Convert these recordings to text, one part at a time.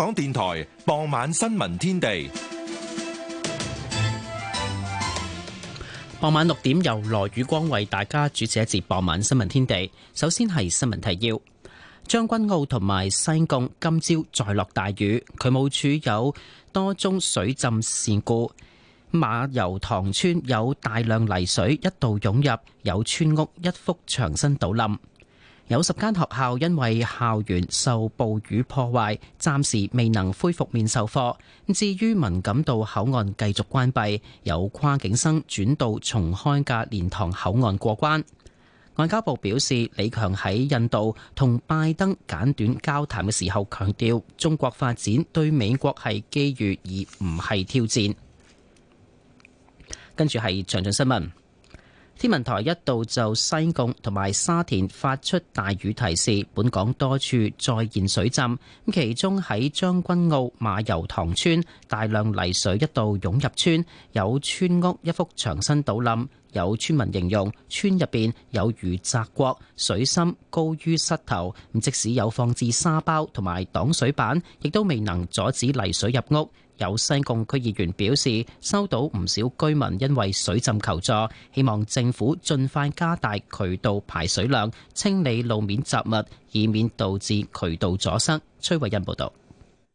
香港電台傍晚新聞天地，傍晚六點由羅宇光為大家主持一節傍晚新聞天地。首先係新聞提要：將軍澳同埋西貢今朝再落大雨，渠務處有多宗水浸事故。馬油塘村有大量泥水一度湧入，有村屋一幅牆身倒冧。有十間學校因為校園受暴雨破壞，暫時未能恢復面授課。至於文錦渡口岸繼續關閉，有跨境生轉到重開嘅蓮塘口岸過關。外交部表示，李強喺印度同拜登簡短交談嘅時候，強調中國發展對美國係機遇而唔係挑戰。跟住係詳盡新聞。天文台一度就西貢同埋沙田發出大雨提示，本港多處再現水浸。咁其中喺將軍澳馬油塘村，大量泥水一度湧入村，有村屋一幅牆身倒冧，有村民形容村入邊有如澤國，水深高於膝頭，咁即使有放置沙包同埋擋水板，亦都未能阻止泥水入屋。有西貢區議員表示，收到唔少居民因為水浸求助，希望政府盡快加大渠道排水量，清理路面雜物，以免導致渠道阻塞。崔惠恩報道：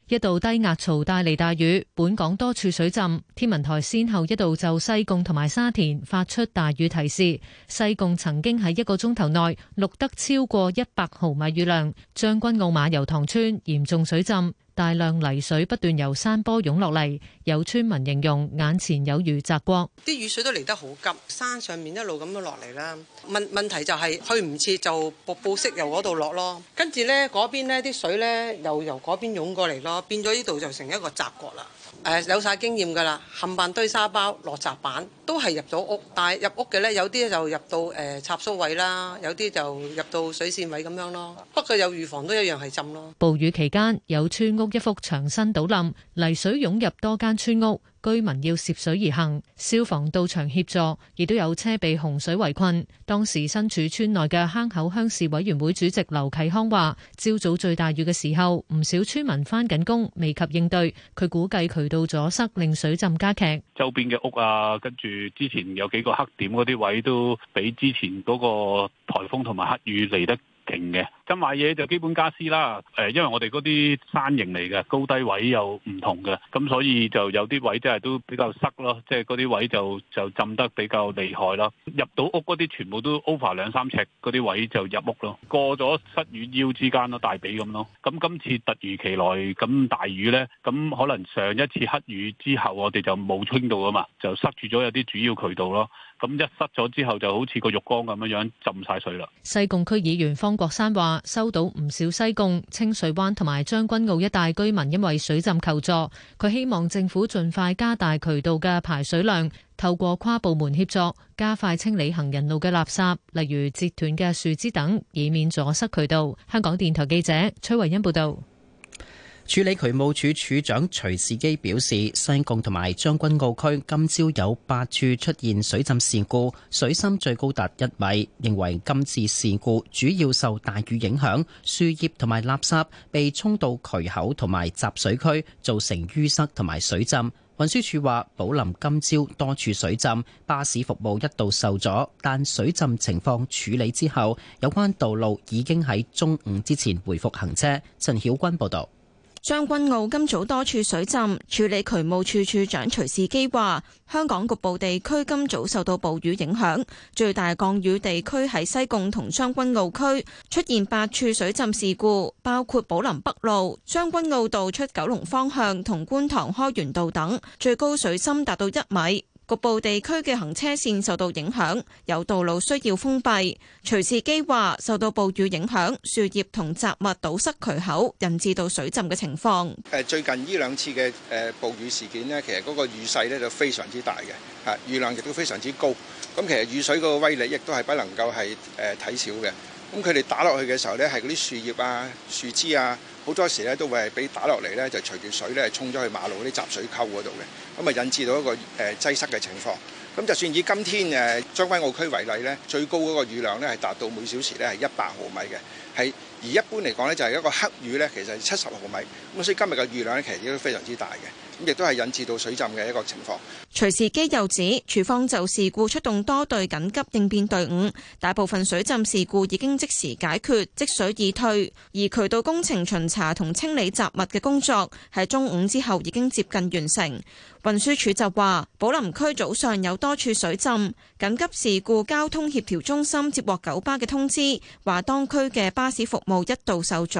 一道低壓槽帶嚟大雨，本港多處水浸。天文台先後一度就西貢同埋沙田發出大雨提示，西貢曾經喺一個鐘頭內錄得超過一百毫米雨量，將軍澳馬油塘村嚴重水浸。大量泥水不斷由山坡湧落嚟，有村民形容眼前有如澤國。啲雨水都嚟得好急，山上面一路咁樣落嚟啦。問問題就係去唔切就瀑布式由嗰度落咯，跟住呢嗰邊呢啲水呢，又由嗰邊湧過嚟咯，變咗呢度就成一個澤國啦。誒有晒經驗㗎啦，冚辦堆沙包、落閘板都係入咗屋，但係入屋嘅咧，有啲就入到誒、呃、插蘇位啦，有啲就入到水線位咁樣咯。不過有預防都一樣係浸咯。暴雨期間，有村屋一幅牆身倒冧，泥水湧入多間村屋。居民要涉水而行，消防到場協助，亦都有車被洪水圍困。當時身處村內嘅坑口鄉事委員會主席劉啟康話，朝早最大雨嘅時候，唔少村民翻緊工，未及應對。佢估計渠道阻塞令水浸加劇。周邊嘅屋啊，跟住之前有幾個黑點嗰啲位都比之前嗰個颱風同埋黑雨嚟得勁嘅。浸買嘢就基本家私啦，誒，因為我哋嗰啲山形嚟嘅，高低位又唔同嘅，咁所以就有啲位真係都比較塞咯，即係嗰啲位就就浸得比較厲害啦。入到屋嗰啲全部都 over 兩三尺，嗰啲位就入屋咯，過咗膝與腰之間咯，大髀咁咯。咁今次突如其來咁大雨呢，咁可能上一次黑雨之後，我哋就冇清到啊嘛，就塞住咗有啲主要渠道咯。咁一塞咗之後，就好似個浴缸咁樣樣浸晒水啦。西貢區議員方國珊話。收到唔少西貢、清水灣同埋將軍澳一帶居民因為水浸求助，佢希望政府盡快加大渠道嘅排水量，透過跨部門協作，加快清理行人路嘅垃圾，例如折斷嘅樹枝等，以免阻塞渠道。香港電台記者崔慧欣報道。處理渠務署署，署長徐志基表示，西貢同埋將軍澳區今朝有八處出現水浸事故，水深最高達一米。認為今次事故主要受大雨影響，樹葉同埋垃圾被衝到渠口同埋集水區，造成淤塞同埋水浸。運輸署話，寶林今朝多處水浸，巴士服務一度受阻，但水浸情況處理之後，有關道路已經喺中午之前回復行車。陳曉君報道。將軍澳今早多處水浸，處理渠務處處長徐士基話，香港局部地區今早受到暴雨影響，最大降雨地區喺西貢同將軍澳區，出現八處水浸事故，包括寶林北路、將軍澳道出九龍方向同觀塘開源道等，最高水深達到一米。局部地區嘅行車線受到影響，有道路需要封閉。徐志基話：受到暴雨影響，樹葉同雜物堵塞渠口，引致到水浸嘅情況。誒，最近呢兩次嘅誒暴雨事件呢，其實嗰個雨勢咧就非常之大嘅嚇，雨量亦都非常之高。咁其實雨水嗰個威力亦都係不能夠係誒睇少嘅。咁佢哋打落去嘅時候咧，係嗰啲樹葉啊、樹枝啊。好多時咧都會係俾打落嚟咧，就隨住水咧沖咗去馬路嗰啲集水溝嗰度嘅，咁啊引致到一個誒擠、呃、塞嘅情況。咁就算以今天誒、呃、將軍澳區為例咧，最高嗰個雨量咧係達到每小時咧係一百毫米嘅，係而一般嚟講咧就係一個黑雨咧，其實係七十毫米。咁所以今日嘅雨量咧其實已經非常之大嘅。亦都係引致到水浸嘅一個情況。徐氏基又指，署方就事故出動多隊緊急應變隊伍，大部分水浸事故已經即時解決，積水已退。而渠道工程巡查同清理雜物嘅工作，喺中午之後已經接近完成。運輸署就話，寶林區早上有多處水浸，緊急事故交通協調中心接獲九巴嘅通知，話當區嘅巴士服務一度受阻，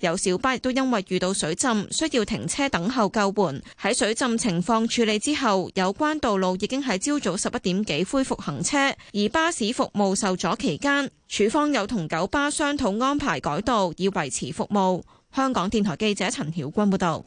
有小巴亦都因為遇到水浸需要停車等候救援。喺水浸情況處理之後，有關道路已經喺朝早十一點幾恢復行車，而巴士服務受阻期間，處方有同九巴商討安排改道以維持服務。香港電台記者陳曉君報導。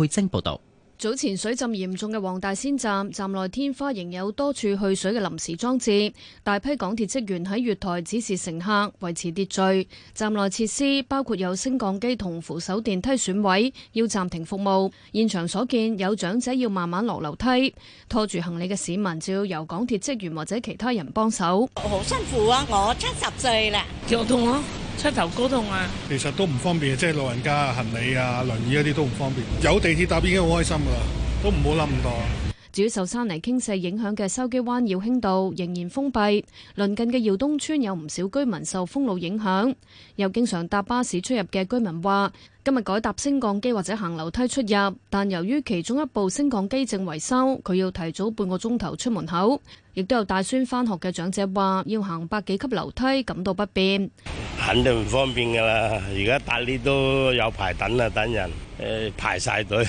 佩貞報道，早前水浸嚴重嘅黃大仙站，站內天花仍有多處去水嘅臨時裝置，大批港鐵職員喺月台指示乘客維持秩序。站內設施包括有升降機同扶手電梯損毀，要暫停服務。現場所見有長者要慢慢落樓梯，拖住行李嘅市民就要由港鐵職員或者其他人幫手。我好辛苦啊，我七十歲啦，腳痛啊。出頭高痛啊！其實都唔方便，即係老人家啊、行李啊、輪椅嗰啲都唔方便。有地鐵搭已經好開心噶啦，都唔好諗咁多。至於受山泥傾瀉影響嘅筲箕灣耀興道仍然封閉，鄰近嘅耀東村有唔少居民受封路影響。又經常搭巴士出入嘅居民話，今日改搭升降機或者行樓梯出入，但由於其中一部升降機正維修，佢要提早半個鐘頭出門口。亦都有帶孫返學嘅長者話，要行百幾級樓梯，感到不便，肯定唔方便㗎啦。而家搭呢都有排等啊，等人誒排曬隊，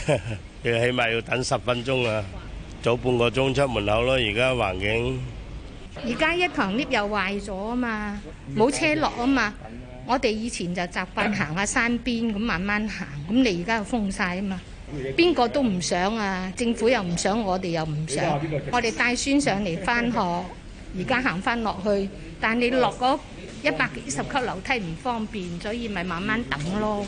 佢起碼要等十分鐘啊。早半個鐘出門口咯，而家環境。而家一堂 lift 又壞咗啊嘛，冇車落啊嘛。我哋以前就習慣行下山邊咁慢慢行，咁你而家又封晒啊嘛。邊個都唔想啊，政府又唔想，我哋又唔想。 我哋帶孫上嚟翻學，而家行翻落去，但你落嗰一百幾十級樓梯唔方便，所以咪慢慢等咯。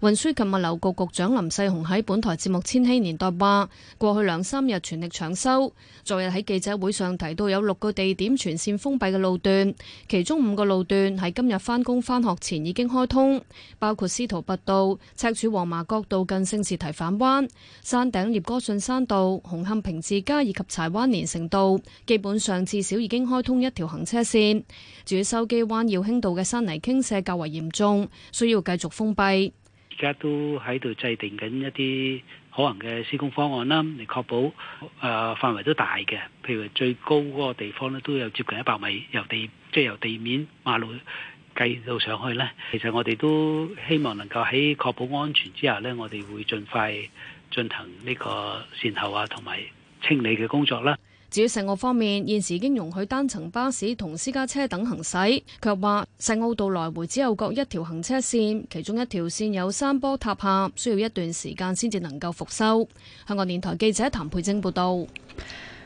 運輸及物流局局長林世雄喺本台節目《千禧年代》話，過去兩三日全力搶修。昨日喺記者會上提到有六個地點全線封閉嘅路段，其中五個路段喺今日返工返學前已經開通，包括司徒拔道、赤柱黃麻角道、近聖士提反灣、山頂聶歌信山道、紅磡平治街以及柴灣連城道。基本上至少已經開通一條行車線。至於筲箕灣耀興道嘅山泥傾瀉較為嚴重，需要繼續封閉。而家都喺度制定緊一啲可能嘅施工方案啦，嚟確保誒範圍都大嘅，譬如最高嗰個地方咧都有接近一百米，由地即係、就是、由地面馬路計到上去咧。其實我哋都希望能夠喺確保安全之下咧，我哋會盡快進行呢個善後啊同埋清理嘅工作啦。至於石澳方面，現時已經容許單層巴士同私家車等行駛，卻話石澳道來回只有各一條行車線，其中一條線有山坡塌陷，需要一段時間先至能夠復修。香港電台記者譚佩晶報道。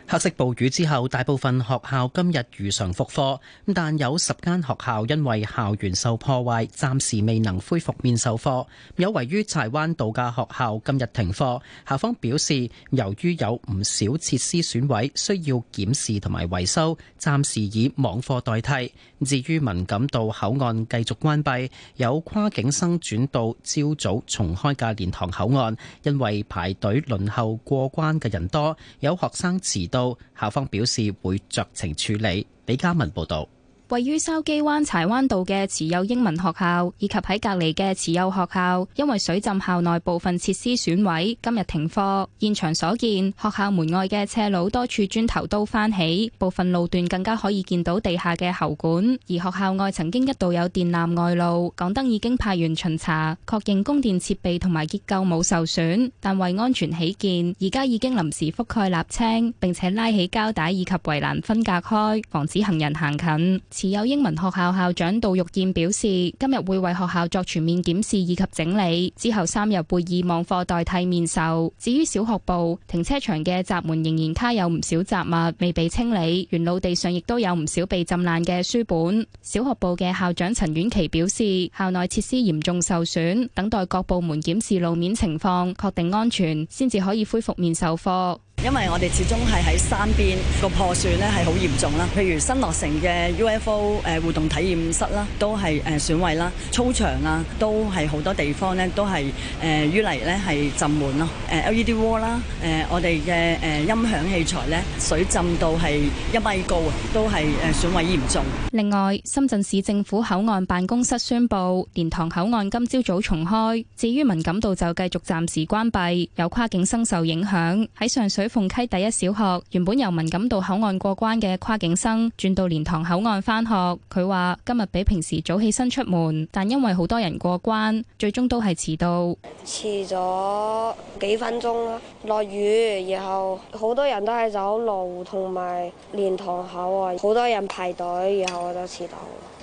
黑色暴雨之後，大部分學校今日如常復課，但有十間學校因為校園受破壞暫時未能恢復面授課，有位於柴灣度假學校今日停課，校方表示由於有唔少設施損毀需要檢視同埋維修，暫時以網課代替。至於敏感道口岸繼續關閉，有跨境生轉到朝早重開嘅蓮塘口岸，因為排隊輪候過關嘅人多，有學生遲到。到校方表示會酌情處理。李嘉文報道。位於筲箕灣柴灣道嘅慈幼英文學校以及喺隔籬嘅慈幼學校，因為水浸校內部分設施損毀，今日停課。現場所見，學校門外嘅斜路多處磚頭都翻起，部分路段更加可以見到地下嘅喉管。而學校外曾經一度有電纜外露，港燈已經派員巡查，確認供電設備同埋結構冇受損，但為安全起見，而家已經臨時覆蓋瀝青，並且拉起膠帶以及圍欄分隔開，防止行人行近。持有英文學校校長杜玉燕表示，今日會為學校作全面檢視以及整理，之後三日會以網課代替面授。至於小學部停車場嘅閘門仍然卡有唔少雜物，未被清理，原路地上亦都有唔少被浸爛嘅書本。小學部嘅校長陳婉琪表示，校內設施嚴重受損，等待各部門檢視路面情況，確定安全先至可以恢復面授課。因為我哋始終係喺山邊個破損咧，係好嚴重啦，譬如新落成嘅 UFO 誒互動體驗室啦，都係誒損毀啦，操場啊都係好多地方呢，都係誒淤泥咧，係浸滿咯，LED wall 啦、啊，誒我哋嘅誒音響器材呢，水浸到係一米高，啊，都係誒損毀嚴重。另外，深圳市政府口岸辦公室宣布，蓮塘口岸今朝早，早重開，至於文錦渡就繼續暫時關閉，有跨境生受影響喺上水。鳳溪第一小學原本由文錦渡口岸過關嘅跨境生轉到蓮塘口岸返學，佢話今日比平時早起身出門，但因為好多人過關，最終都係遲到，遲咗幾分鐘啦。落雨，然後好多人都係走路，同埋蓮塘口啊，好多人排隊，然後我就遲到。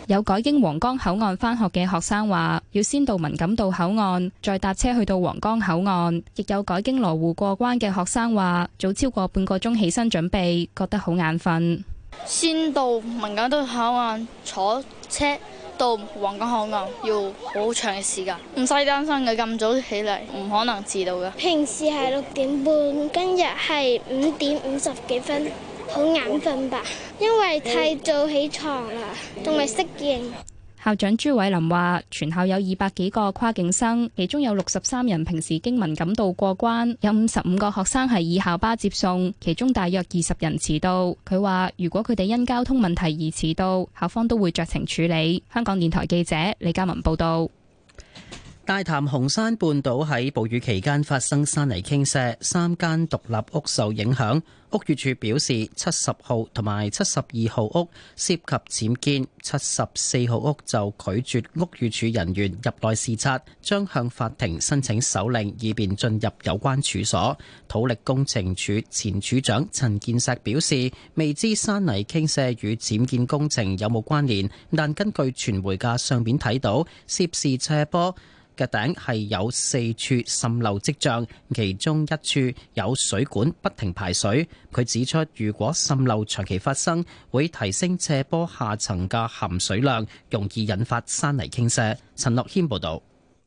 有改經皇崗口岸返學嘅學生話，要先到文錦渡口岸，再搭車去到皇崗口岸。亦有改經羅湖過關嘅學生話，早超過半個鐘起身準備，覺得好眼瞓。先到文錦渡口岸坐車到皇崗口岸要好長嘅時間，唔使擔心嘅。咁早起嚟，唔可能遲到㗎。平時係六點半，今日係五點五十幾分。好眼瞓吧，因為太早起床啦，仲未適應。校長朱偉林話：全校有二百幾個跨境生，其中有六十三人平時經文錦渡過關，有五十五個學生係以校巴接送，其中大約二十人遲到。佢話：如果佢哋因交通問題而遲到，校方都會酌情處理。香港電台記者李嘉文報道。大潭紅山半島喺暴雨期間發生山泥傾瀉，三間獨立屋受影響。屋宇署表示，七十號同埋七十二號屋涉及僭建，七十四號屋就拒絕屋宇署人員入內視察，將向法庭申請手令，以便進入有關處所。土力工程處前處長陳建石表示，未知山泥傾瀉與僭建工程有冇關聯，但根據傳媒嘅上面睇到，涉事斜坡嘅頂係有四處滲漏跡象，其中一處有水管不停排水。佢指出，如果滲漏長期發生，會提升斜坡下層嘅含水量，容易引發山泥傾瀉。陳樂軒報導，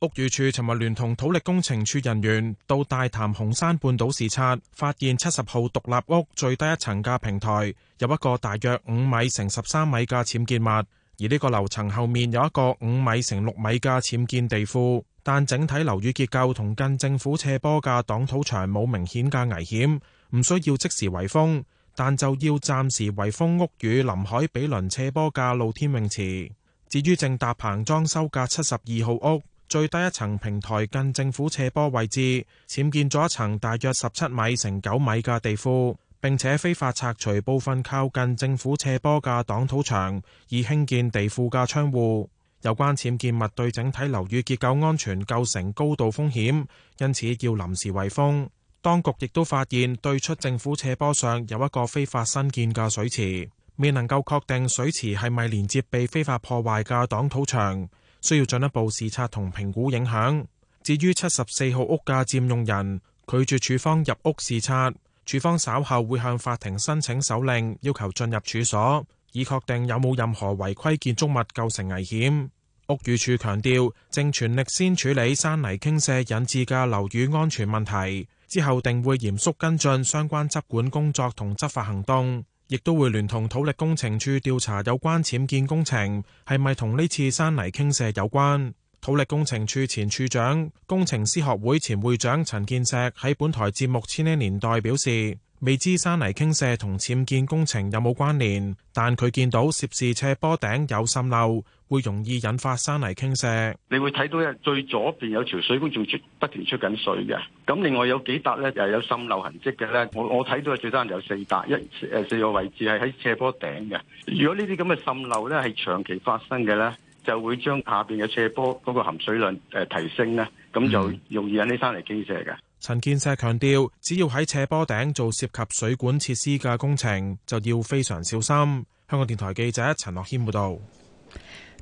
屋宇署尋日聯同土力工程署人員到大潭紅山半島視察，發現七十號獨立屋最低一層嘅平台有一個大約五米乘十三米嘅僭建物。而呢個樓層後面有一個五米乘六米嘅僭建地庫，但整體樓宇結構同近政府斜坡嘅擋土牆冇明顯嘅危險，唔需要即時圍封，但就要暫時圍封屋宇臨海比鄰斜坡嘅露天泳池。至於正搭棚裝修嘅七十二號屋，最低一層平台近政府斜坡位置，僭建咗一層大約十七米乘九米嘅地庫。並且非法拆除部分靠近政府斜坡嘅擋土牆，以興建地庫嘅窗戶。有關僭建物對整體樓宇結構安全構成高度風險，因此要臨時圍封。當局亦都發現對出政府斜坡上有一個非法新建嘅水池，未能夠確定水池係咪連接被非法破壞嘅擋土牆，需要進一步視察同評估影響。至於七十四號屋嘅佔用人拒絕處方入屋視察。署方稍後會向法庭申請手令，要求進入處所，以確定有冇任何違規建築物構成危險。屋宇署強調，正全力先處理山泥傾瀉引致嘅樓宇安全問題，之後定會嚴肅跟進相關執管工作同執法行動，亦都會聯同土力工程處調查有關僭建工程係咪同呢次山泥傾瀉有關。土力工程處前處長、工程師學會前會長陳建石喺本台節目《千禧年代》表示，未知山泥傾瀉同僭建工程有冇關聯，但佢見到涉事斜坡頂有滲漏，會容易引發山泥傾瀉。你會睇到嘅最左邊有條水管仲出，不停出緊水嘅。咁另外有幾笪呢，就有滲漏痕跡嘅呢。我我睇到最多人有四笪，一誒四個位置係喺斜坡頂嘅。如果呢啲咁嘅滲漏呢，係長期發生嘅呢。就會將下邊嘅斜坡嗰個含水量誒提升，呢咁、嗯、就容易引起山泥傾瀉嘅。陳建石強調，只要喺斜坡頂做涉及水管設施嘅工程，就要非常小心。香港電台記者陳樂軒報道。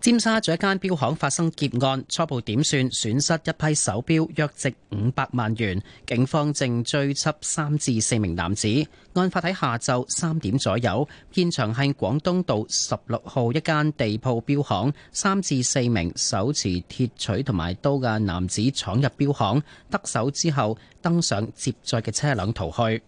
尖沙咀一間表行發生劫案，初步點算損失一批手表約值五百萬元。警方正追緝三至四名男子。案發喺下晝三點左右，現場喺廣東道十六號一間地鋪表行，三至四名手持鐵錘同埋刀嘅男子闖入表行，得手之後登上接載嘅車輛逃去。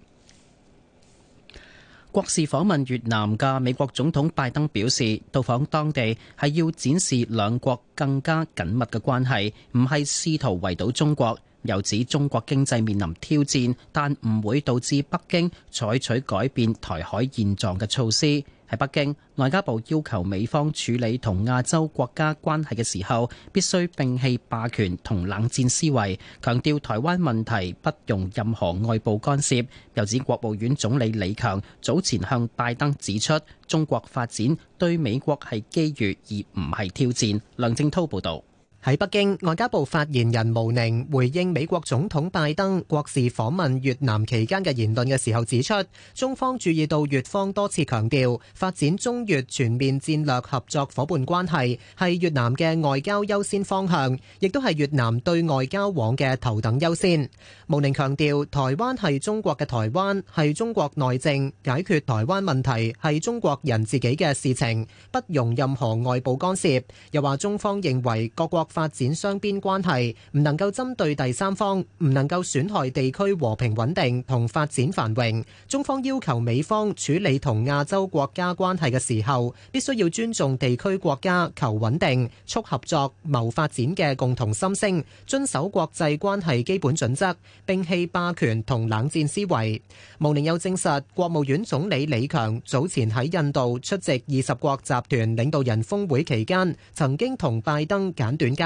國事訪問越南嘅美國總統拜登表示，到訪當地係要展示兩國更加緊密嘅關係，唔係試圖圍堵中國。又指中國經濟面臨挑戰，但唔會導致北京採取改變台海現狀嘅措施。喺北京，外交部要求美方處理同亞洲國家關係嘅時候，必須摒棄霸權同冷戰思維，強調台灣問題不容任何外部干涉。又指國務院總理李強早前向拜登指出，中國發展對美國係機遇而唔係挑戰。梁正濤報道。喺北京，外交部發言人毛寧回應美國總統拜登國事訪問越南期間嘅言論嘅時候指出，中方注意到越方多次強調發展中越全面戰略合作夥伴關係係越南嘅外交優先方向，亦都係越南對外交往嘅頭等優先。毛寧強調，台灣係中國嘅台灣，係中國內政，解決台灣問題係中國人自己嘅事情，不容任何外部干涉。又話中方認為各國發展雙邊關係，唔能夠針對第三方，唔能夠損害地區和平穩定同發展繁榮。中方要求美方處理同亞洲國家關係嘅時候，必須要尊重地區國家求穩定、促合作、謀發展嘅共同心聲，遵守國際關係基本準則，摒棄霸權同冷戰思維。毛寧又證實，國務院總理李強早前喺印度出席二十國集團領導人峰會期間，曾經同拜登簡短交。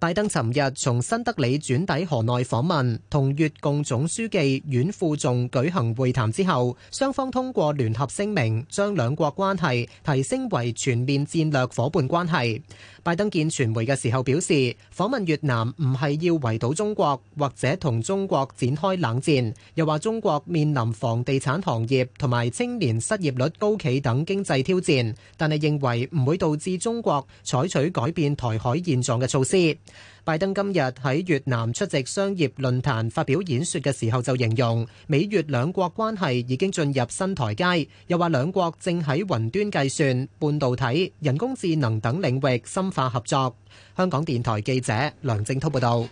拜登尋日從新德里轉抵河內訪問，同越共總書記阮富仲舉行會談之後，雙方通過聯合聲明將兩國關係提升為全面戰略伙伴關係。拜登見傳媒嘅時候表示，訪問越南唔係要圍堵中國或者同中國展開冷戰，又話中國面臨房地產行業同埋青年失業率高企等經濟挑戰，但係認為唔會導致中國採取改變台海現狀嘅措施。拜登今日喺越南出席商業論壇發表演說嘅時候，就形容美越兩國關係已經進入新台階，又話兩國正喺雲端計算、半導體、人工智能等領域深化合作。香港電台記者梁正滔報道。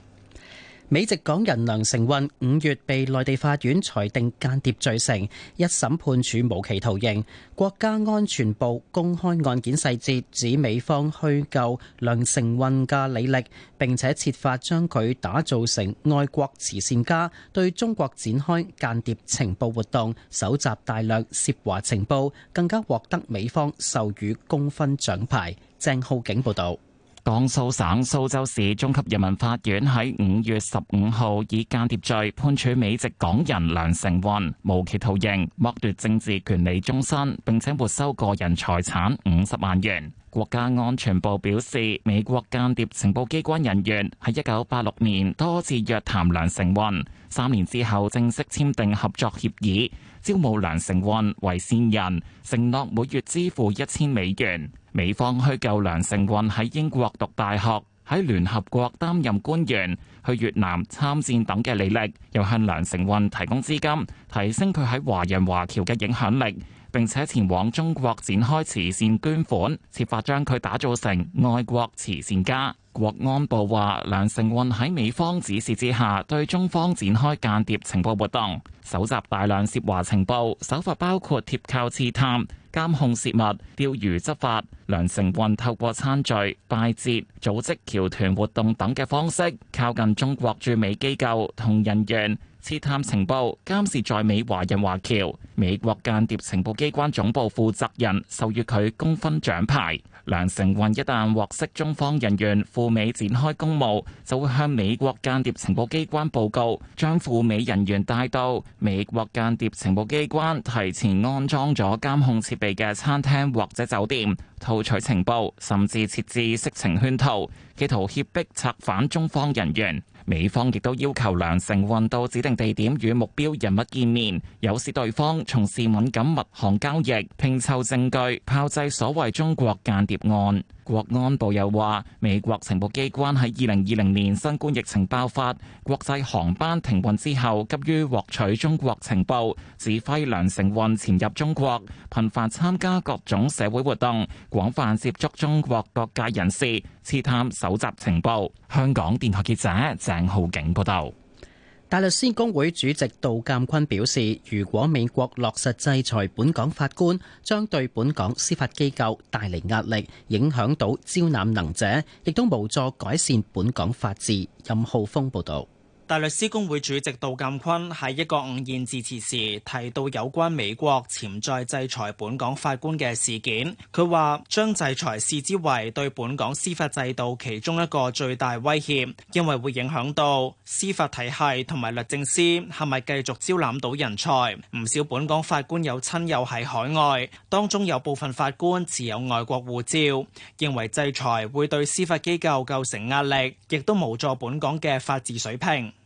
美籍港人梁成運五月被內地法院裁定間諜罪成，一審判處無期徒刑。國家安全部公開案件細節，指美方虛構梁成運嘅履歷，並且設法將佢打造成愛國慈善家，對中國展開間諜情報活動，搜集大量涉華情報，更加獲得美方授予功勳獎牌。鄭浩景報道。江蘇省蘇州市中級人民法院喺五月十五號以間諜罪判處美籍港人梁成運無期徒刑，剝奪政治權利終身，並且沒收個人財產五十萬元。國家安全部表示，美國間諜情報機關人員喺一九八六年多次約談梁成運，三年之後正式簽訂合作協議，招募梁成運為線人，承諾每月支付一千美元。美方虛構梁成運喺英國讀大學、喺聯合國擔任官員、去越南參戰等嘅履歷，又向梁成運提供資金，提升佢喺華人華僑嘅影響力，並且前往中國展開慈善捐款，設法將佢打造成愛國慈善家。國安部話，梁成運喺美方指示之下，對中方展開間諜情報活動，搜集大量涉華情報，手法包括貼靠刺探。監控洩密、釣魚執法，梁承運透過餐聚、拜節、組織僑團活動等嘅方式，靠近中國駐美機構同人員，刺探情報、監視在美華人華僑，美國間諜情報機關總部負責人授予佢功勳獎牌。梁成運一旦獲悉中方人員赴美展開公務，就會向美國間諜情報機關報告，將赴美人員帶到美國間諜情報機關提前安裝咗監控設備嘅餐廳或者酒店，套取情報，甚至設置色情圈套，企圖脅迫策反中方人員。美方亦都要求梁城運到指定地點與目標人物見面，誘使對方從事敏感物項交易，拼湊證據，炮製所謂中國間諜案。國安部又話，美國情報機關喺二零二零年新冠疫情爆發、國際航班停運之後，急於獲取中國情報，指揮梁成運潛入中國，頻繁參加各種社會活動，廣泛接觸中國各界人士，刺探搜集情報。香港電台記者鄭浩景報道。大律師公會主席杜淦堃表示，如果美國落實制裁本港法官，將對本港司法機構帶來壓力，影響到招攬能者，亦都無助改善本港法治。任浩峰報道。大律師公會主席杜淦堃喺一個午宴致辭時提到有關美國潛在制裁本港法官嘅事件。佢話將制裁視之為對本港司法制度其中一個最大威脅，因為會影響到司法體系同埋律政司係咪繼續招攬到人才。唔少本港法官有親友喺海外，當中有部分法官持有外國護照，認為制裁會對司法機構構成壓力，亦都無助本港嘅法治水平。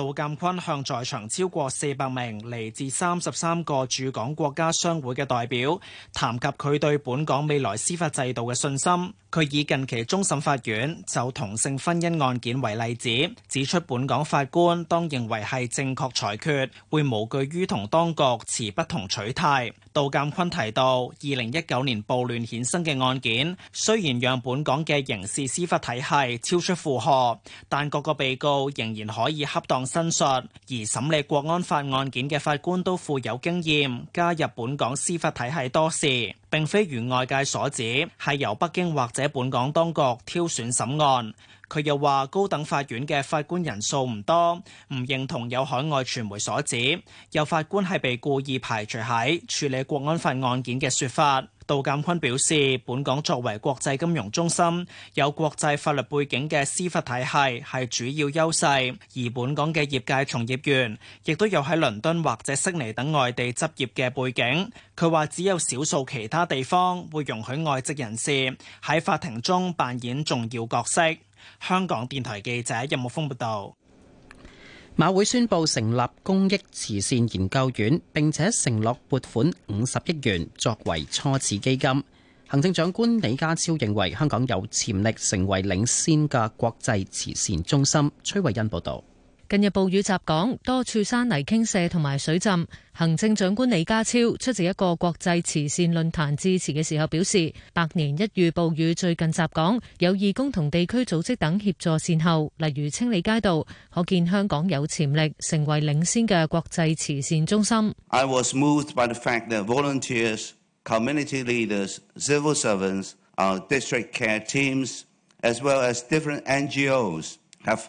杜鑒坤向在場超過四百名嚟自三十三個駐港國家商會嘅代表談及佢對本港未來司法制度嘅信心，佢以近期終審法院就同性婚姻案件為例子，指出本港法官當認為係正確裁決，會無懼於同當局持不同取態。杜鑒坤提到，二零一九年暴亂衍生嘅案件，雖然讓本港嘅刑事司法體系超出負荷，但各個被告仍然可以恰當申述，而審理國安法案件嘅法官都富有經驗，加入本港司法體系多時。並非如外界所指，係由北京或者本港當局挑選審案。佢又話高等法院嘅法官人數唔多，唔認同有海外傳媒所指，有法官係被故意排除喺處理國安法案件嘅說法。杜鑒坤表示，本港作為國際金融中心，有國際法律背景嘅司法體系係主要優勢，而本港嘅業界從業員亦都有喺倫敦或者悉尼等外地執業嘅背景。佢話只有少數其他地方會容許外籍人士喺法庭中扮演重要角色。香港電台記者任木峯報道。馬會宣布成立公益慈善研究院，並且承諾撥款五十億元作為初始基金。行政長官李家超認為香港有潛力成為領先嘅國際慈善中心。崔慧欣報道。近日暴雨襲港，多處山泥傾瀉同埋水浸。行政長官李家超出席一個國際慈善論壇致辭嘅時候表示：百年一遇暴雨，最近襲港，有義工同地區組織等協助善後，例如清理街道。可見香港有潛力成為領先嘅國際慈善中心。I was moved by the fact that volunteers, community leaders, civil servants, our district care teams, as well as different NGOs have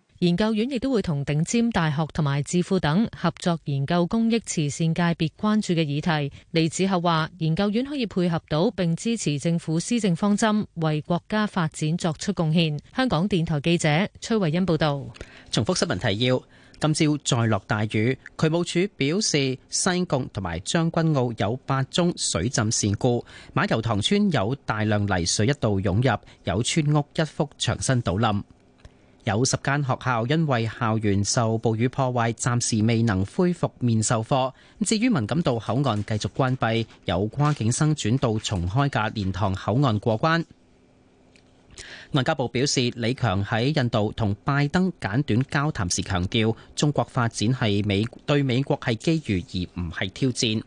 研究院亦都會同頂尖大學同埋智庫等合作研究公益慈善界別關注嘅議題。李子孝話：研究院可以配合到並支持政府施政方針，為國家發展作出貢獻。香港電台記者崔慧欣報道。重複新聞提要：今朝再落大雨，渠務署表示西貢同埋將軍澳有八宗水浸事故，馬油塘村有大量泥水一度湧入，有村屋一幅牆身倒冧。有十間學校因為校園受暴雨破壞，暫時未能恢復面授課。至於文錦渡口岸繼續關閉，由跨境生轉到重開嘅蓮塘口岸過關。外交部表示，李強喺印度同拜登簡短交談時強調，強調中國發展係美對美國係機遇而唔係挑戰。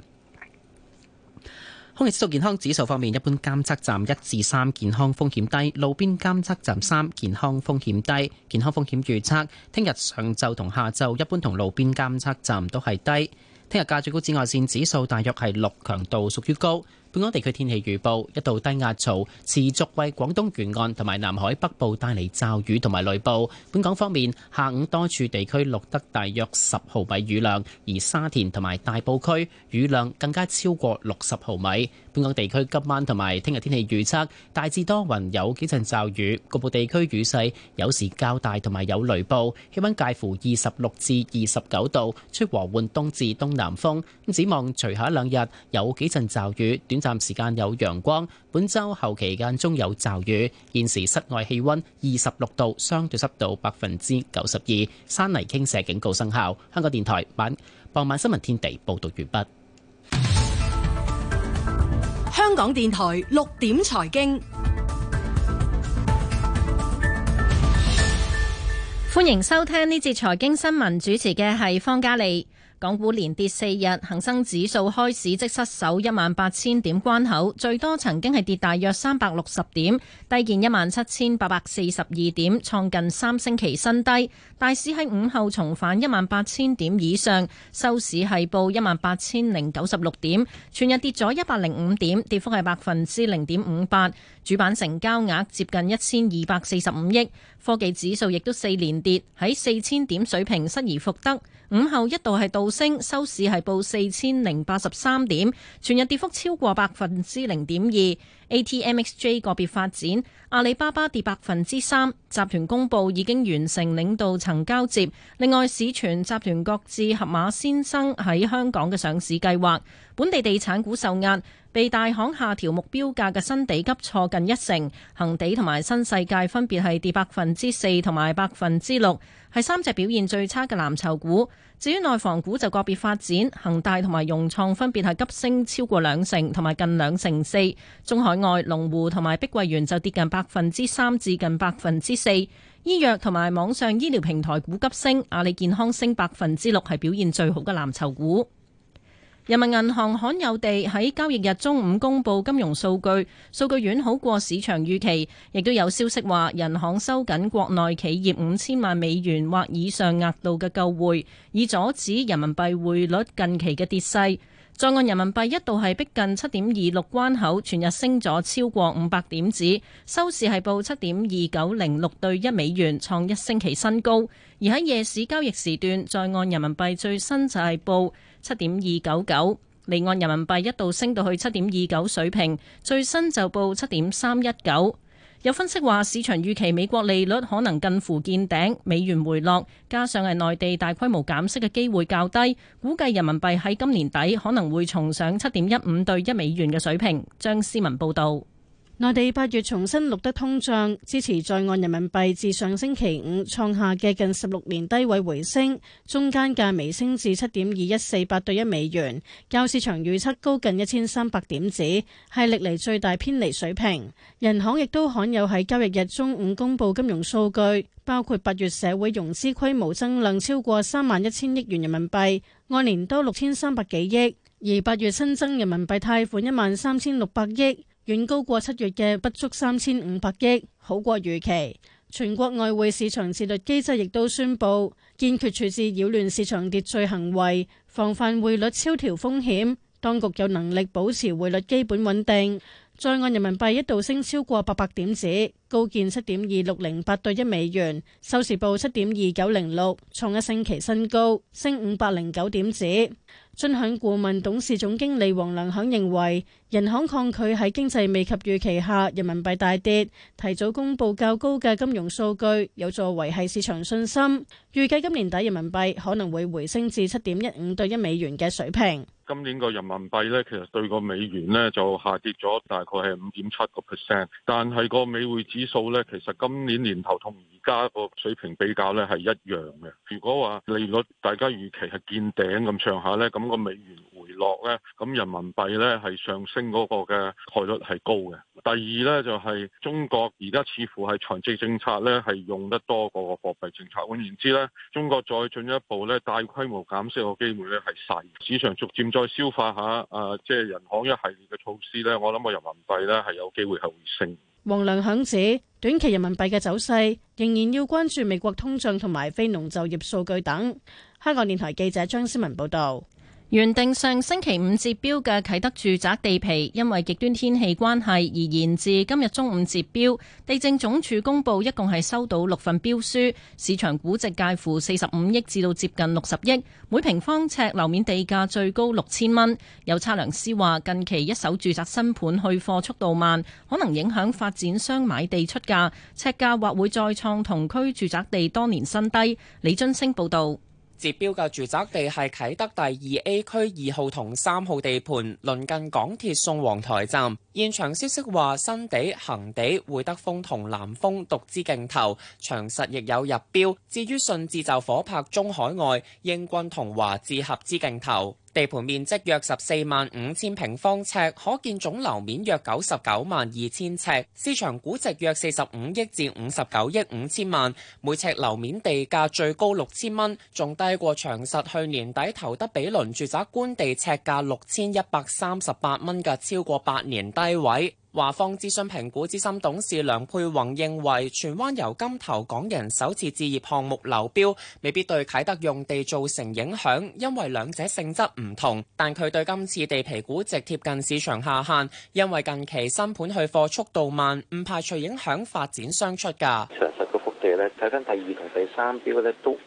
空氣質素健康指數方面，一般監測站一至三健康風險低，路邊監測站三健康風險低。健康風險預測，聽日上晝同下晝一般同路邊監測站都係低。聽日嘅最高紫外線指數大約係六，強度屬於高。本港地區天氣預報，一道低壓槽持續為廣東沿岸同埋南海北部帶嚟驟雨同埋雷暴。本港方面，下午多處地區錄得大約十毫米雨量，而沙田同埋大埔區雨量更加超過六十毫米。本港地區今晚同埋聽日天氣預測，大致多雲，有幾陣驟雨。局部地區雨勢有時較大，同埋有雷暴。氣溫介乎二十六至二十九度，吹和緩東至東南風。咁指望隨後一兩日有幾陣驟雨，短。暫時間有陽光，本周後期間中有驟雨。現時室外氣溫二十六度，相對濕度百分之九十二，山泥傾瀉警告生效。香港電台晚傍晚新聞天地報道完畢。香港電台六點財經，歡迎收聽呢節財經新聞，主持嘅係方嘉莉。港股連跌四日，恒生指數開市即失守一萬八千點關口，最多曾經係跌大約三百六十點，低見一萬七千八百四十二點，創近三星期新低。大市喺午後重返一萬八千點以上，收市係報一萬八千零九十六點，全日跌咗一百零五點，跌幅係百分之零點五八。主板成交額接近一千二百四十五億，科技指數亦都四連跌，喺四千點水平失而復得。午後一度係到，升，收市係報四千零八十三點，全日跌幅超過百分之零點二。A.T.M.X.J 個別發展，阿里巴巴跌百分之三，集團公佈已經完成領導層交接。另外，市傳集團各自合馬先生喺香港嘅上市計劃，本地地產股受壓，被大行下調目標價嘅新地急挫近一成，恒地同埋新世界分別係跌百分之四同埋百分之六，係三隻表現最差嘅藍籌股。至於內房股就個別發展，恒大同埋融創分別係急升超過兩成同埋近兩成四，中海。外龍湖同埋碧桂園就跌近百分之三至近百分之四，醫藥同埋網上醫療平台股急升，阿里健康升百分之六係表現最好嘅藍籌股。人民銀行、罕有地喺交易日中午公布金融數據，數據遠好過市場預期，亦都有消息話人行收緊國內企業五千萬美元或以上額度嘅購匯，以阻止人民幣匯率近期嘅跌勢。在岸人民幣一度係逼近七點二六關口，全日升咗超過五百點子，收市係報七點二九零六對一美元，創一星期新高。而喺夜市交易時段，在岸人民幣最新就係報七點二九九，離岸人民幣一度升到去七點二九水平，最新就報七點三一九。有分析話，市場預期美國利率可能近乎見頂，美元回落，加上係內地大規模減息嘅機會較低，估計人民幣喺今年底可能會重上七點一五對一美元嘅水平。張思文報導。內地八月重新錄得通脹，支持在岸人民幣自上星期五創下嘅近十六年低位回升，中間價微升至七點二一四八兌一美元，較市場預測高近一千三百點子，係歷嚟最大偏離水平。人行亦都罕有喺交易日中午公布金融數據，包括八月社會融資規模增量超過三萬一千億元人民幣，按年多六千三百幾億，而八月新增人民幣貸款一萬三千六百億。遠高過七月嘅不足三千五百億，好過預期。全國外匯市場自律機制亦都宣布，堅決處置擾亂市場秩序行為，防範匯率超調風險。當局有能力保持匯率基本穩定。在岸人民幣一度升超過八百點子，高見七點二六零八對一美元，收市報七點二九零六，創一星期新高，升五百零九點子。中信顧問董事總經理王能肯認為，人行抗拒喺經濟未及預期下，人民幣大跌，提早公布較高嘅金融數據有助維繫市場信心。預計今年底人民幣可能會回升至七點一五對一美元嘅水平。今年個人民幣咧，其實對個美元咧就下跌咗大概係五點七個 percent，但係個美匯指數咧，其實今年年頭同而家個水平比較咧係一樣嘅。如果話利率大家預期係見頂咁上下咧，咁個美元回落咧，咁人民幣咧係上升嗰個嘅概率係高嘅。第二咧就係中國而家似乎係財政政策咧係用得多過個貨幣政策。換言之咧，中國再進一步咧大規模減息個機會咧係細，市場逐漸，再消化下，誒，即係人行一系列嘅措施咧，我諗個人民幣咧係有機會，係會升。黃良響指短期人民幣嘅走勢仍然要關注美國通脹同埋非農就業數據等。香港電台記者張思文報道。原定上星期五截標嘅啟德住宅地皮，因為極端天氣關係而延至今日中午截標。地政總署公布，一共係收到六份標書，市場估值介乎四十五億至到接近六十億，每平方尺樓面地價最高六千蚊。有測量師話，近期一手住宅新盤去貨速度慢，可能影響發展商買地出價，尺價或會再創同區住宅地多年新低。李津升報導。接標嘅住宅地係啟德第二 A 區二號同三號地盤，鄰近港鐵宋皇台站。現場消息話，新地、恒地、會德豐同南豐獨資競投，長實亦有入標。至於順治就火拍中海外英軍同華智合資競投，地盤面積約十四萬五千平方尺，可建總樓面約九十九萬二千尺，市場估值約四十五億至五十九億五千萬，每尺樓面地價最高六千蚊，仲低過長實去年底投得比鄰住宅官地尺價六千一百三十八蚊嘅超過八年低。計委華方諮詢評估資深董事梁佩宏認為，荃灣油柑頭港人首次置業項目流標，未必對啟德用地造成影響，因為兩者性質唔同。但佢對今次地皮估值貼近市場下限，因為近期新盤去貨速度慢，唔排除影響發展商出價。長實個幅地咧，睇緊第二同第三標咧，都唔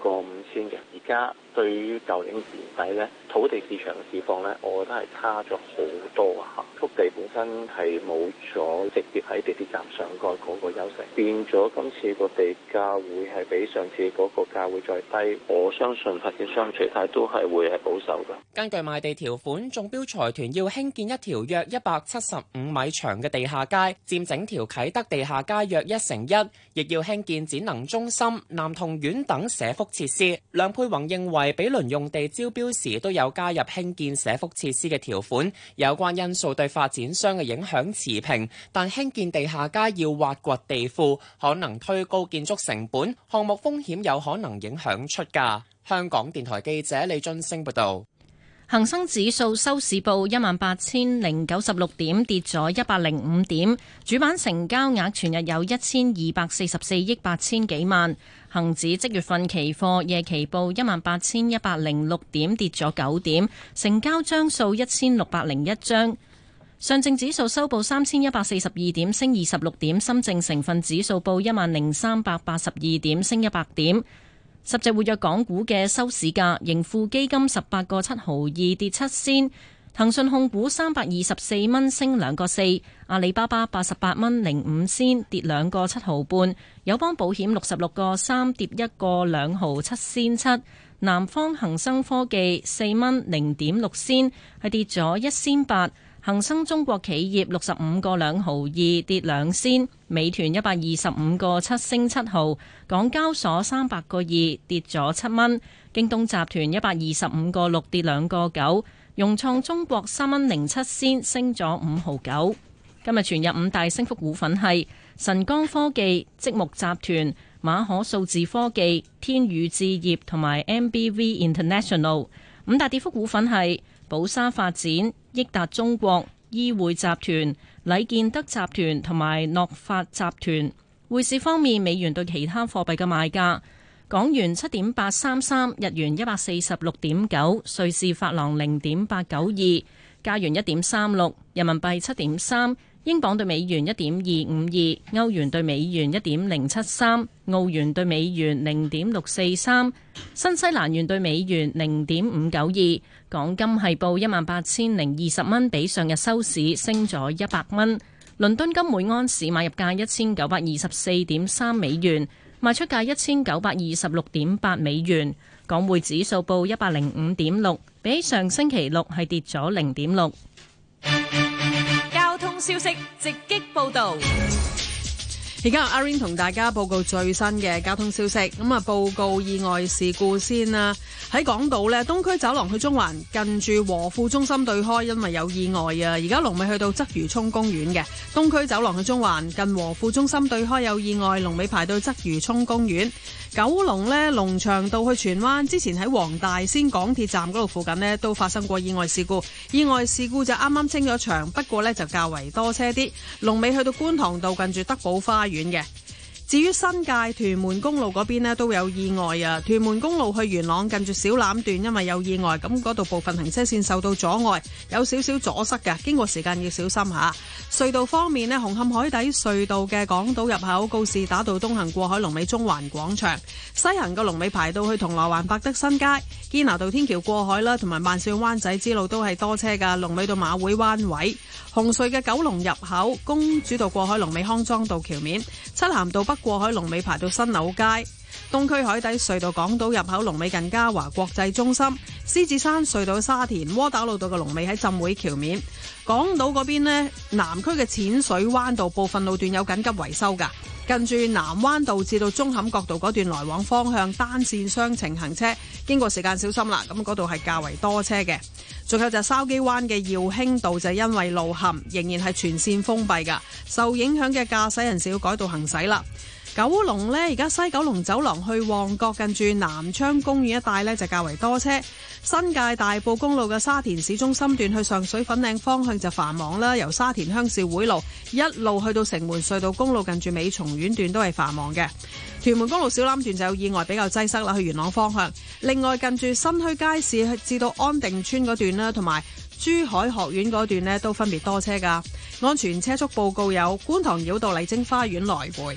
過五千人。而家。對於舊年年底呢，土地市場嘅市況呢，我覺得係差咗好多啊！幅地本身係冇咗直接喺地鐵站上蓋嗰個優勢，變咗今次個地價會係比上次嗰個價會再低。我相信發展商除曬都係會係保守㗎。根據賣地條款，中標財團要興建一條約一百七十五米長嘅地下街，佔整條啟德地下街約一成一，亦要興建展能中心、南同苑等社福設施。梁佩宏認為。比鄰用地招標時都有加入興建社福設施嘅條款，有關因素對發展商嘅影響持平，但興建地下街要挖掘地庫，可能推高建築成本，項目風險有可能影響出價。香港電台記者李俊升報道。恒生指數收市報一萬八千零九十六點，跌咗一百零五點，主板成交額全日有一千二百四十四億八千幾萬。恒指即月份期貨夜期報一萬八千一百零六點，跌咗九點，成交張數一千六百零一張。上證指數收報三千一百四十二點，升二十六點。深證成分指數報一萬零三百八十二點，升一百點。十隻活躍港股嘅收市價，盈富基金十八個七毫二，跌七仙。騰訊控股三百二十四蚊升兩個四，阿里巴巴八十八蚊零五仙跌兩個七毫半，友邦保險六十六個三跌一個兩毫七仙七，南方恒生科技四蚊零點六仙係跌咗一仙八，恒生中國企業六十五個兩毫二跌兩仙，美團一百二十五個七升七毫，港交所三百個二跌咗七蚊，京東集團一百二十五個六跌兩個九。融創中國三蚊零七仙升咗五毫九，今日全日五大升幅股份係晨光科技、積木集團、馬可數字科技、天宇置業同埋 MBV International。五大跌幅股份係寶沙發展、益達中國、醫匯集團、禮建德集團同埋諾發集團。匯市方面，美元對其他貨幣嘅賣價。港元七點八三三，日元一百四十六點九，瑞士法郎零點八九二，加元一點三六，人民幣七點三，英鎊對美元一點二五二，歐元對美元一點零七三，澳元對美元零點六四三，新西蘭元對美元零點五九二。港金係報一萬八千零二十蚊，比上日收市升咗一百蚊。倫敦金每安士買入價一千九百二十四點三美元。賣出價一千九百二十六點八美元，港匯指數報一百零五點六，比上星期六係跌咗零點六。交通消息直擊報道。而家阿阿 Ring 同大家報告最新嘅交通消息，咁啊報告意外事故先啦。喺港島咧，東區走廊去中環近住和富中心對開，因為有意外啊。而家龍尾去到鰂魚涌公園嘅東區走廊去中環近和富中心對開有意外，龍尾排到鰂魚涌公園。九龍呢，龍翔道去荃灣，之前喺黃大仙港鐵站嗰度附近呢都發生過意外事故。意外事故就啱啱清咗場，不過呢就較為多車啲。龍尾去到觀塘道近住德寶花園嘅。至於新界屯門公路嗰邊都有意外啊！屯門公路去元朗近住小欖段，因為有意外，咁嗰度部分行車線受到阻礙，有少少阻塞嘅，經過時間要小心吓。隧道方面咧，紅磡海底隧道嘅港島入口告士打道東行過海龍尾中環廣場，西行嘅龍尾排到去銅鑼灣百德新街，堅拿道天橋過海啦，同埋萬歲灣仔之路都係多車㗎，龍尾到馬會灣位，紅隧嘅九龍入口公主道過海龍尾康莊道橋面，漆咸道北。過海龍尾排到新樓街。東區海底隧道港島入口龍尾近嘉華國際中心，獅子山隧道沙田窩打老道嘅龍尾喺浸會橋面。港島嗰邊呢，南區嘅淺水灣道部分路段有緊急維修噶，近住南灣道至到舂坎角道嗰段來往方向單線雙程行車，經過時間小心啦，咁嗰度係較為多車嘅。仲有就係筲箕灣嘅耀興道就係因為路陷，仍然係全線封閉噶，受影響嘅駕駛人士要改道行駛啦。九龍呢，而家西九龍走廊去旺角近住南昌公園一帶呢，就較為多車。新界大埔公路嘅沙田市中心段去上水粉嶺方向就繁忙啦。由沙田鄉事會路一路去到城門隧道公路近住美松苑段都係繁忙嘅。屯門公路小欖段就有意外，比較擠塞啦。去元朗方向，另外近住新墟街市至到安定村嗰段啦，同埋珠海學院嗰段呢，都分別多車噶。安全車速報告有觀塘繞道麗晶花園來回。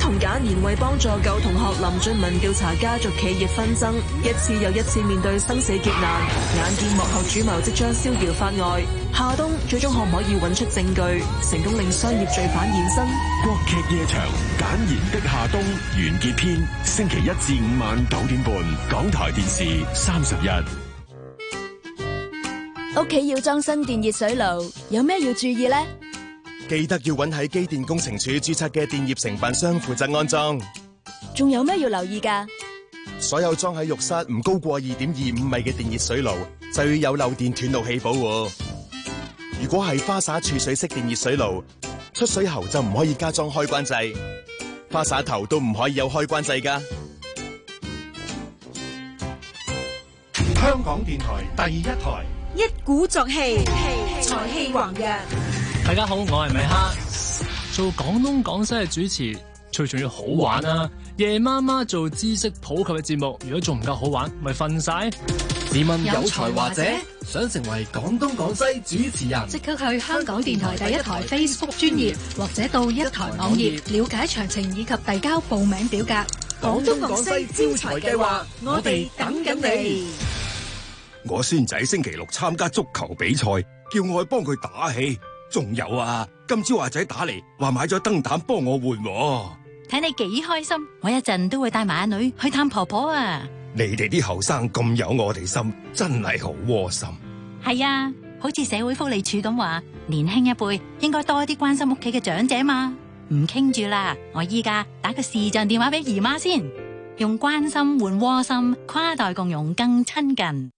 唔簡言為幫助舊同學林俊文調查家族企業紛爭，一次又一次面對生死劫難，眼見幕後主謀即將逍遙法外，夏冬最終可唔可以揾出證據，成功令商業罪犯現身？國劇夜場，簡言的夏冬完結篇，星期一至五晚九點半，港台電視三十一。屋企要裝新電熱水爐，有咩要注意呢？記得要揾喺機電工程署註冊嘅電業承辦商負責安裝。仲有咩要留意噶？所有裝喺浴室唔高過二點二五米嘅電熱水爐就要有漏電斷路器保護。如果係花灑儲水式電熱水爐，出水喉就唔可以加裝開關掣，花灑頭都唔可以有開關掣噶。香港電台第一台，一鼓作氣，財氣旺日。大家好，我係米哈，做廣東廣西嘅主持，最重要好玩啊。夜媽媽做知識普及嘅節目，如果仲唔夠好玩，咪瞓晒。你問有才華者想成為廣東廣西主持人，即刻去香港電台第一台 Facebook 專頁或者到一台網頁了解詳情以及遞交報名表格。廣東廣西招才計劃，我哋等緊你。我孫仔星期六參加足球比賽，叫我去幫佢打氣。仲有啊！今朝阿仔打嚟話買咗燈膽幫我換，睇你幾開心！我一陣都會帶埋阿女去探婆婆啊！你哋啲後生咁有我哋心，真係好窩心。係啊，好似社會福利署咁話，年輕一輩應該多啲關心屋企嘅長者嘛。唔傾住啦，我依家打個視像電話俾姨媽先，用關心換窩心，跨代共融更親近。